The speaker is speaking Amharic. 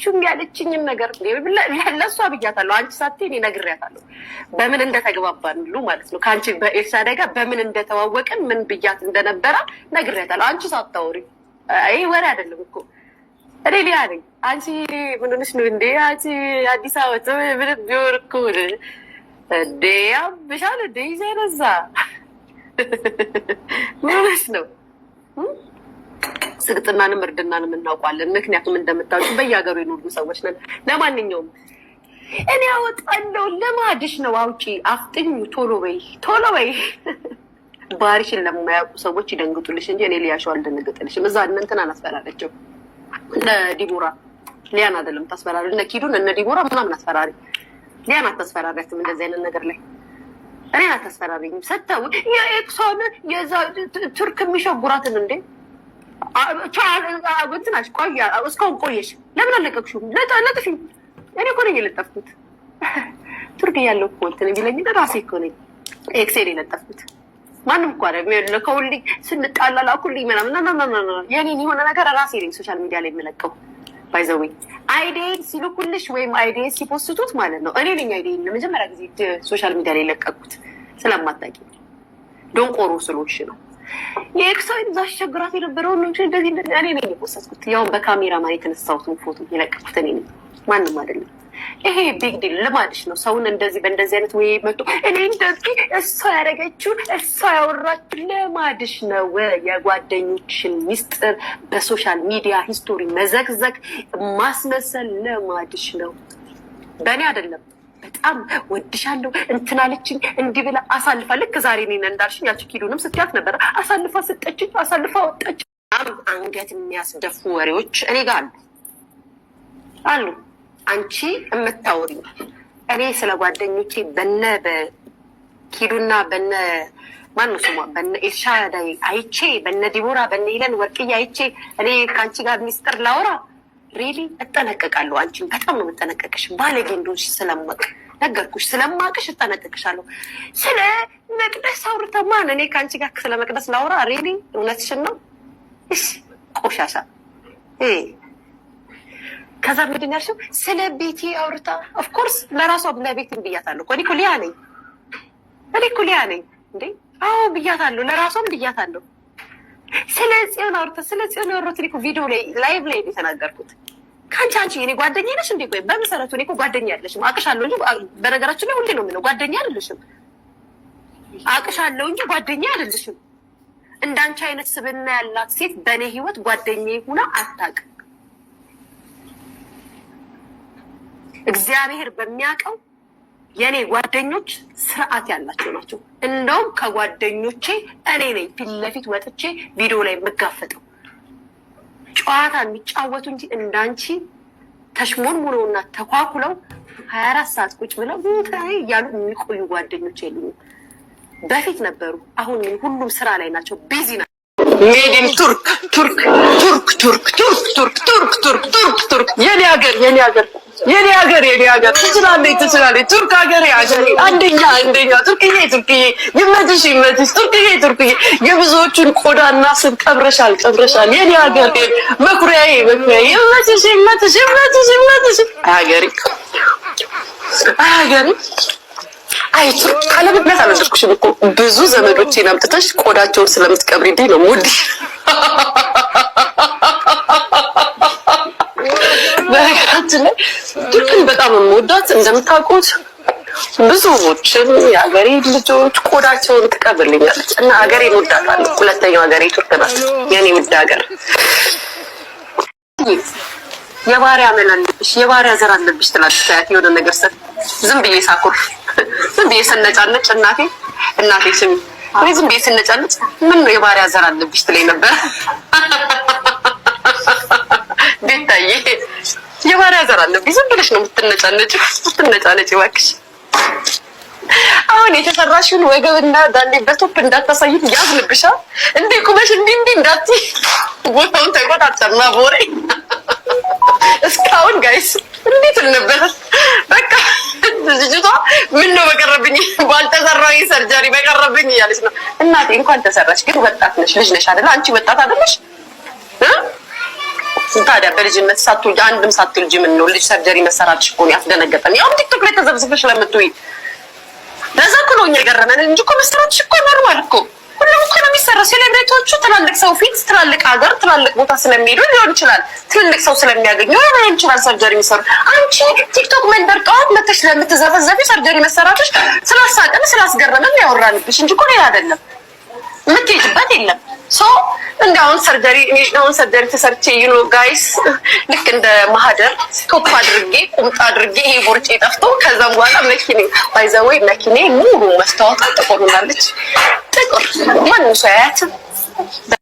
ሹም ያለችኝን ነገር ለእሷ ብያታለሁ። አንቺ ሳትይ እኔ ነግሬያታለሁ። በምን እንደተግባባን ሁሉ ማለት ነው። ከአንቺ በኤልሳ አደጋ በምን እንደተዋወቅን ምን ብያት እንደነበረ ነግሬያታለሁ። አንቺ ሳታወሪ ይህ ወሬ አይደለም እኮ እኔ ሊያ ነኝ። አንቺ ምንንሽ ነው እንዴ? አንቺ አዲስ አበት ምን ቢሆን እኮ እንዴ ያብሻል እንዴ ይዘ ነዛ ምን ነው? ስግጥናንም እርድናንም እናውቋለን። ምክንያቱም እንደምታውቁ በየሀገሩ የኖሩ ሰዎች ነን። ለማንኛውም እኔ አወጣለሁ። ልማድሽ ነው፣ አውጪ፣ አፍጥኙ፣ ቶሎ በይ፣ ቶሎ በይ። ባህሪሽን ለማያውቁ ሰዎች ይደንግጡልሽ እንጂ እኔ ሊያሸው አልደንግጥልሽም። እዛ እንትን አናስፈራለችው እነ ዲቦራ ሊያን አይደለም ታስፈራሪ፣ እነ ኪዱን እነ ዲቦራ ምናምን አስፈራሪ። ሊያን አታስፈራሪያትም እንደዚህ አይነት ነገር ላይ እኔ አታስፈራሪኝም። ሰተው የኤክሷን የዛ ቱርክ የሚሸጉራትን እንዴ እንትናሽ ቆያ እስካሁን ቆየሽ። ለምን አለቀቅሽው? ለጥፊ እኔ እኮ ነኝ የለጠፍኩት። ቱርክ እያለሁ እኮ እንትን ቢለኝ ራሴ እኮ ነኝ ኤክሴል የለጠፍኩት። ማንም እኮ ልከውልኝ ስንጣላ ላኩልኝ ምናምን የኔን የሆነ ነገር ራሴ ነኝ ሶሻል ሚዲያ ላይ የምለቀው። ባይዘዌ አይዲዬን ሲልኩልሽ ወይም አይዲዬን ሲፖስቱት ማለት ነው እኔ ነኝ አይዲዬን ለመጀመሪያ ጊዜ ሶሻል ሚዲያ ላይ የለቀኩት። ስለማታውቂ ዶንቆሮ ስሎሽ ነው የኤክሳይድ አስቸግራት የነበረው ነው እንጂ እንደዚህ እንደዚህ እኔ ነኝ የወሰድኩት። ያው በካሜራ ማን የተነሳሁትን ፎቶ የለቀኩት እኔ ነኝ፣ ማንም አይደለም። ይሄ ቢግ ዲል ልማድሽ ነው። ሰውን እንደዚህ በእንደዚህ አይነት ወይ መጡ እኔ እንደዚህ እሷ ያደረገችው እሷ ያወራችሁ ልማድሽ ነው። የጓደኞችን ሚስጥር በሶሻል ሚዲያ ሂስቶሪ መዘግዘግ ማስመሰል ልማድሽ ነው። በእኔ አይደለም። በጣም ወድሻለሁ እንትናለችኝ እንዲህ ብላ አሳልፋ ልክ ዛሬ እኔን እንዳልሽኝ ያቺ ኪዱንም ስትያት ነበረ አሳልፋ ሰጠችኝ፣ አሳልፋ ወጣች። አንገት የሚያስደፉ ወሬዎች እኔ ጋር አሉ አሉ። አንቺ የምታወሪ እኔ ስለ ጓደኞቼ በነ በኪዱና በነ ማን ነው ስሟ በነ ኤልሻዳይ አይቼ በነ ዲቦራ በነ ይለን ወርቅዬ አይቼ እኔ ከአንቺ ጋር ሚስጥር ላውራ ሬሊ እጠነቀቃለሁ። አንቺን በጣም ነው የምጠነቀቅሽ። ባለጌ እንደሆንሽ ስለማቅ ነገርኩሽ፣ ስለማቅሽ እጠነቀቅሻለሁ። ስለ መቅደስ ማን እኔ ከአንቺ ጋር ስለ መቅደስ ላውራ? ሬሊ እውነትሽን ነው። እሺ ቆሻሻ። ከዛ ምንድን ያልሽው? ስለ ቤቴ አውርታ። ኦፍኮርስ ለራሷ ለቤትን ብያታለሁ። እኔ እኮ ሊያ ነኝ፣ እኔ እኮ ሊያ ነኝ እንዴ! አዎ ብያታለሁ፣ ለራሷም ብያታለሁ። ስለ ጽዮን አውርተ ስለ ጽዮን ያወሩት እኔ እኮ ቪዲዮ ላይ ላይቭ ላይ የተናገርኩት ከአንቺ አንቺ እኔ ጓደኛ ነሽ እንዴ? ቆይ በመሰረቱ እኔ እኮ ጓደኛ ያለሽም አቅሻለሁ እንጂ በነገራችን ላይ ሁሌ ነው የምለው ጓደኛ አይደለሽም። አቅሻለሁ እንጂ ጓደኛ አይደለሽም። እንዳንቺ አይነት ስብና ያላት ሴት በእኔ ህይወት ጓደኛ ሆና አታውቅም። እግዚአብሔር በሚያውቀው የእኔ ጓደኞች ስርዓት ያላቸው ናቸው። እንደውም ከጓደኞቼ እኔ ነኝ ፊት ለፊት ወጥቼ ቪዲዮ ላይ የምጋፈጠው። ጨዋታ የሚጫወቱ እንጂ እንዳንቺ ተሽሞንሙነውና ተኳኩለው ሀያ አራት ሰዓት ቁጭ ብለው እያሉ የሚቆዩ ጓደኞች የሉኝም። በፊት ነበሩ። አሁን ግን ሁሉም ስራ ላይ ናቸው፣ ቢዚ ናቸው። ሜድን ቱርክ ቱርክ ቱርክ ቱርክ ቱርክ ቱርክ ቱርክ ቱርክ ቱርክ ቱርክ የኔ ሀገር የኔ ሀገር የኔ ሀገር የኔ ሀገር ትችላለች ትችላለች። ቱርክ ሀገር ሀገር አንደኛ አንደኛ ቱርክዬ ቱርክዬ ይመችሽ ይመችሽ ቱርክዬ ቱርክዬ የብዙዎቹን ቆዳና ስብ ቀብረሻል ቀብረሻል። የኔ ሀገር መኩሪያዬ መኩሪያዬ ይመችሽ ይመችሽ ይመችሽ ይመችሽ። ሀገሪ ሀገሪ አይ ቱርክ ካለምክንያት አልወደድኩሽም እኮ ብዙ ዘመዶቼን አምጥተሽ ቆዳቸውን ስለምትቀብሪልኝ ነው ሙድ በነገራችን ላይ ቱርክን በጣም የምወዳት እንደምታውቁት ብዙዎችን የሀገሬ ልጆች ቆዳቸውን ትቀብልኛለች እና ሀገሬ እወዳታለሁ። ሁለተኛው ሀገሬ ቱርክ ናት፣ የኔ ውድ ሀገር። የባሪያ ምን አለብሽ፣ የባሪያ ዘር አለብሽ ትላለች አያቴ። የሆነ ነገር ሰ ዝም ብዬ ሳኮርፍ፣ ዝም ብዬ ስነጫነጭ እናቴ እናቴ ወይ ዝም ብዬ ስነጫነጭ ምን የባሪያ ዘር አለብሽ ትለኝ ነበር። መፍጠር አለብኝ። ዝም ብለሽ ነው የምትነጫነጭ ምትነጫነጭ እባክሽ። አሁን የተሰራሽን ወገብና ዳሌ በቶፕ እንዳታሳይት ያዝንብሻል። እንዴ ቁመሽ እንዲ እንዲ እንዳት ቦታውን ተቆጣጠርና ቦሬ እስካሁን ጋይስ እንዴት ልነበረል። በቃ ልጅቷ ምን ነው በቀረብኝ ባልተሰራው ሰርጀሪ በቀረብኝ እያለች ነው። እናቴ እንኳን ተሰራች፣ ግን ወጣት ነሽ፣ ልጅ ነሽ አይደለ? አንቺ ወጣት አይደለሽ? ታዲያ በልጅነት ሳትወልጂ አንድም ሳትወልጂ ምን ነው ልጅ ሰርጀሪ መሰራትሽ እኮ ነው ያስደነገጠን። ያው ቲክቶክ ላይ ተዘብዝበሽ ለምትውይ በዛ እኮ ነው እኛ የገረመን እንጂ እኮ መሰራትሽ እኮ ኖርማል እኮ ሁሉም እኮ ነው የሚሰራው። ሴሌብሬቶቹ ትላልቅ ሰው ፊት ትላልቅ ሀገር ትላልቅ ቦታ ስለሚሄዱ ሊሆን ይችላል፣ ትልልቅ ሰው ስለሚያገኙ ሊሆን ይችላል ሰርጀሪ የሚሰሩ። አንቺ ቲክቶክ መንደር ጠዋት መተሽ ለምትዘፈዘፊ ሰርጀሪ መሰራቶች ስላሳቀን ስላስገረመን ያወራንብሽ እንጂ እኮ ሌላ አይደለም። የምትሄጅበት የለም። ሶ እንደ አሁን ሰርጀሪ አሁን ሰርጀሪ ተሰርቼ ዩኖ ጋይስ ልክ እንደ ማህደር ቶፕ አድርጌ ቁምጣ አድርጌ ይሄ ቦርጬ ጠፍቶ ከዛም በኋላ መኪኔ ባይዘወይ መኪኔ ሙሉ መስታወት ጥቁር ሆናለች። ጥቁር ማንም ሰው አያትም።